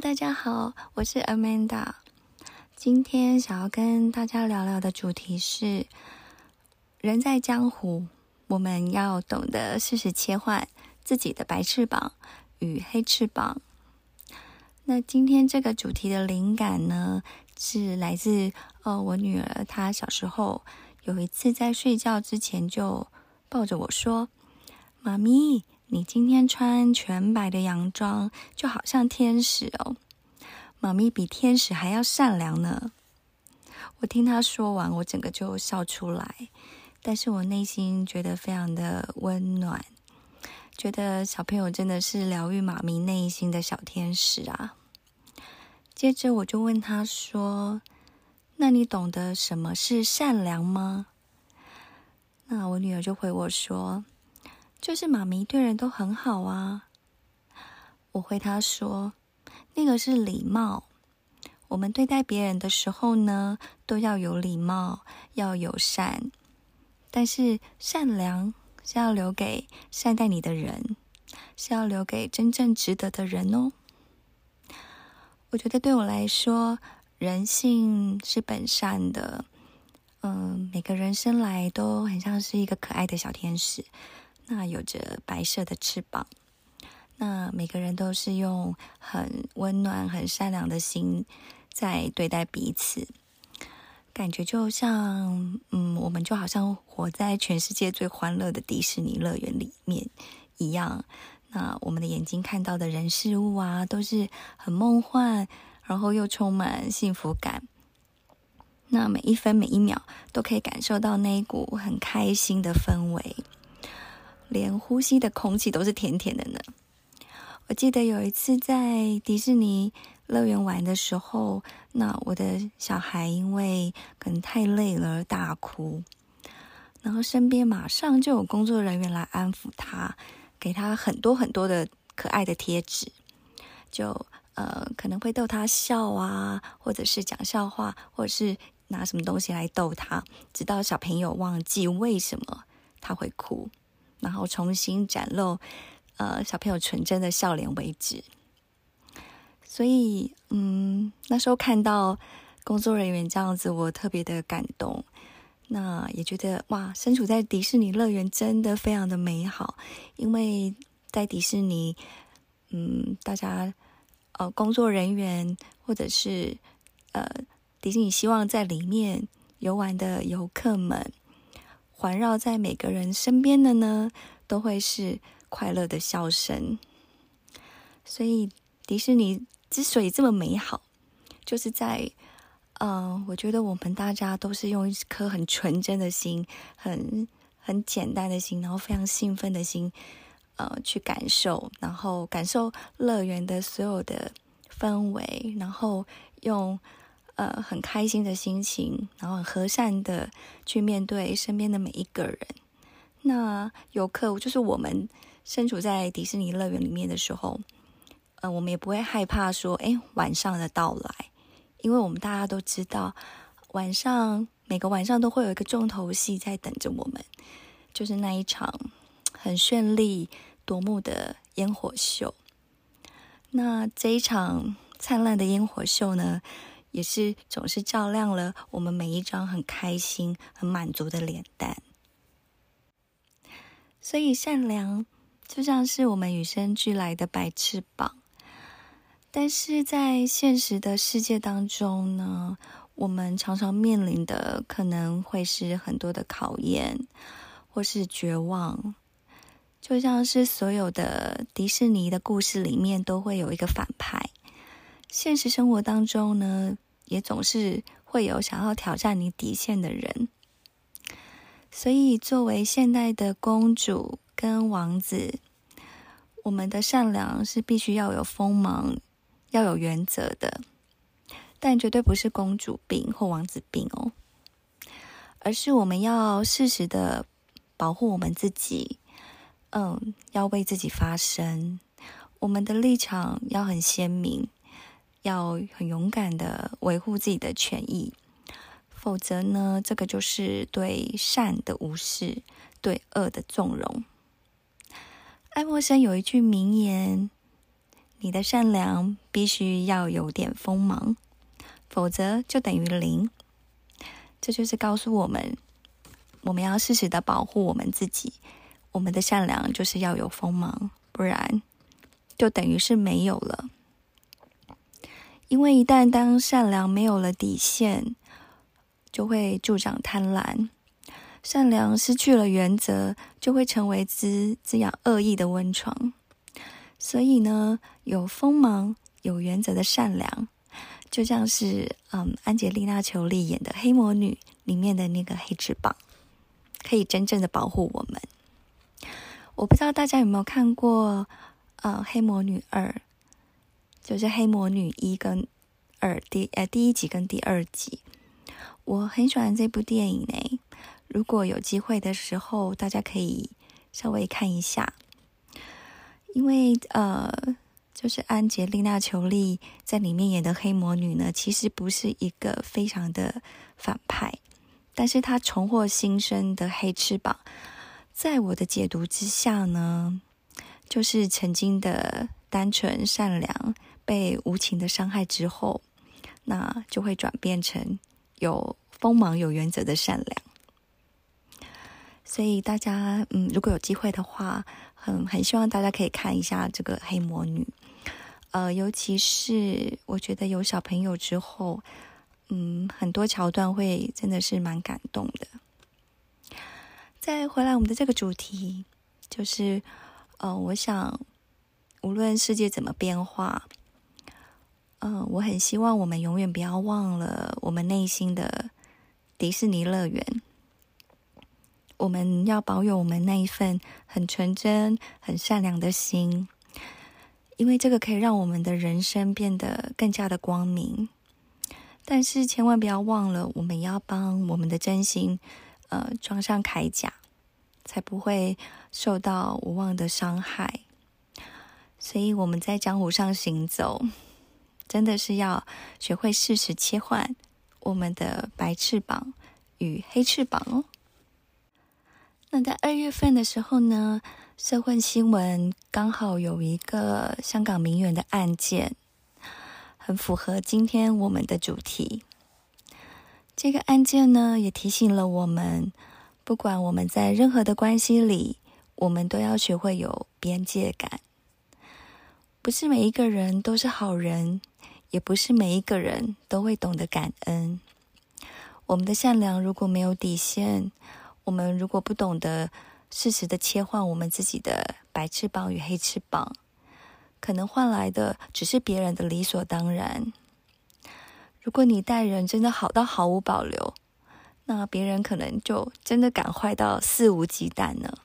大家好，我是 Amanda。今天想要跟大家聊聊的主題是：人在江湖，我們要懂得適時切換自己的白翅膀與黑翅膀。那今天這個主題的靈感呢，是來自呃我女兒，她小時候有一次在睡覺之前就抱着我說：“媽咪。”你今天穿全白的洋裝，就好像天使哦，媽咪比天使還要善良呢。我聽他說完，我整個就笑出來，但是我內心覺得非常的溫暖，覺得小朋友真的是療癒媽咪內心的小天使啊。接着我就問他說：“那你懂得什麼是善良嗎？”那我女兒就回我說：就是媽咪對人都很好啊。我回他說：“那個是禮貌。我們對待別人的時候呢，都要有禮貌，要有善。但是善良是要留給善待你的人，是要留給真正值得的人哦。”我覺得對我來說，人性是本善的。嗯、呃，每個人生來都很像是一個可愛的小天使。那有着白色的翅膀，那每個人都是用很溫暖、很善良的心在對待彼此，感覺就像，嗯，我們就好像活在全世界最歡樂的迪士尼樂園裡面一樣。那我們的眼睛看到的人事物啊，都是很夢幻，然後又充滿幸福感。那每一分每一秒都可以感受到那一股很開心的氛圍。連呼吸的空氣都是甜甜的呢。我記得有一次在迪士尼樂園玩的時候，那我的小孩因為可能太累了而大哭，然後身邊馬上就有工作人員來安撫他，給他很多很多的可愛的貼紙，就呃可能會逗他笑啊，或者是講笑話，或者是拿什麼東西來逗他，直到小朋友忘記為什麼他會哭。然後重新展露，呃，小朋友純真的笑臉為止。所以，嗯，那時候看到工作人員這樣子，我特別的感動。那也覺得哇，身處在迪士尼樂園真的非常的美好。因為在迪士尼，嗯，大家呃，工作人員或者是呃，迪士尼希望在裡面遊玩的遊客們。環繞在每個人身邊的呢，都會是快樂的笑聲。所以迪士尼之所以這麼美好，就是在……嗯、呃，我覺得我們大家都是用一顆很純真的心，很很簡單的心，然後非常興奮的心，呃，去感受，然後感受樂園的所有的氛圍，然後用。呃，很開心的心情，然後很和善的去面對身邊的每一個人。那遊客就是我們，身處在迪士尼樂園裡面的時候，呃，我們也不會害怕說，哎，晚上的到來，因為我們大家都知道，晚上每個晚上都會有一個重頭戲在等着我們，就是那一場很絢麗奪目的煙火秀。那這一場燦爛的煙火秀呢，也是總是照亮了我們每一張很開心、很滿足的臉蛋。所以，善良就像是我們與生俱來的白翅膀。但是在現實的世界當中呢，我們常常面臨的可能會是很多的考驗，或是絕望。就像是所有的迪士尼的故事裡面都會有一個反派。現實生活當中呢，也總是會有想要挑戰你底線的人，所以作為現代的公主跟王子，我們的善良是必須要有鋒芒，要有原則的，但絕對不是公主病或王子病哦，而是我們要適時的保護我們自己，嗯，要為自己發聲，我們的立場要很鮮明。要很勇敢的維護自己的權益，否則呢，這個就是對善的無視，對惡的縱容。愛默生有一句名言：“你的善良必須要有點鋒芒，否則就等於零。”這就是告訴我們，我們要適時的保護我們自己。我們的善良就是要有鋒芒，不然就等於是沒有了。因為一旦當善良沒有了底線，就會助長貪婪；善良失去了原則，就會成為滋滋養惡意的溫床。所以呢，有鋒芒、有原則的善良，就像是嗯，安吉麗娜·裘麗演的《黑魔女》裡面的那個黑翅膀，可以真正的保護我們。我不知道大家有沒有看過，呃、嗯，《黑魔女二》。就是《黑魔女》一跟二，第呃第一集跟第二集，我很喜歡這部電影呢。如果有機會的時候，大家可以稍微看一下。因為呃，就是安潔莉娜·裘莉在裡面演的黑魔女呢，其實不是一個非常的反派，但是她重獲新生的黑翅膀，在我的解讀之下呢，就是曾經的單純善良。被無情的傷害之後，那就會轉變成有鋒芒、有原則的善良。所以大家，嗯，如果有機會的話，很很希望大家可以看一下這個《黑魔女》。呃，尤其是我覺得有小朋友之後，嗯，很多橋段會真的是蠻感動的。再回來我們的這個主題，就是，呃，我想無論世界怎麼變化。嗯、呃，我很希望我們永遠不要忘了我們內心的迪士尼樂園。我們要保有我們那一份很純真、很善良的心，因為這個可以讓我們的人生變得更加的光明。但是，千萬不要忘了，我們要幫我們的真心，呃，裝上鎧甲，才不會受到無望的傷害。所以，我們在江湖上行走。真的是要學會適時切換我們的白翅膀與黑翅膀哦。那在二月份的時候呢，社會新聞剛好有一個香港名媛的案件，很符合今天我們的主題。這個案件呢，也提醒了我們，不管我們在任何的關係裡，我們都要學會有邊界感。不是每一個人都是好人。也不是每一個人都會懂得感恩。我們的善良如果沒有底線，我們如果不懂得適時地切換我們自己的白翅膀與黑翅膀，可能換來的只是別人的理所當然。如果你待人真的好到毫無保留，那別人可能就真的敢壞到肆無忌憚了。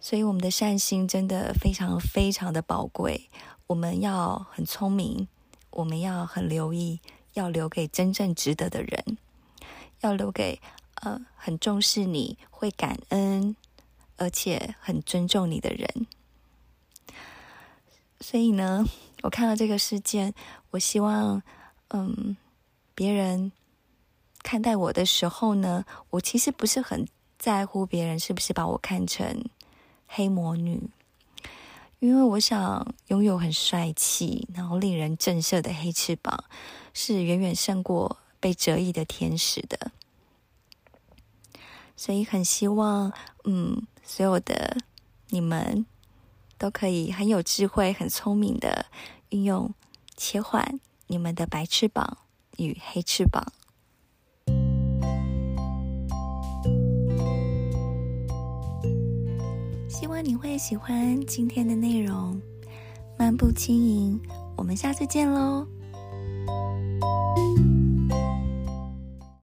所以，我們的善心真的非常非常的寶貴。我們要很聰明，我們要很留意，要留給真正值得的人，要留給呃很重視你、會感恩而且很尊重你的人。所以呢，我看到這個事件，我希望，嗯，別人看待我的時候呢，我其實不是很在乎別人是不是把我看成黑魔女。因為我想擁有很帥氣，然後令人震懾的黑翅膀，是遠遠勝過被折翼的天使的。所以很希望，嗯，所有的你們都可以很有智慧、很聰明的運用，切換你們的白翅膀與黑翅膀。希望你會喜歡今天的內容，漫步輕盈，我們下次見嘍。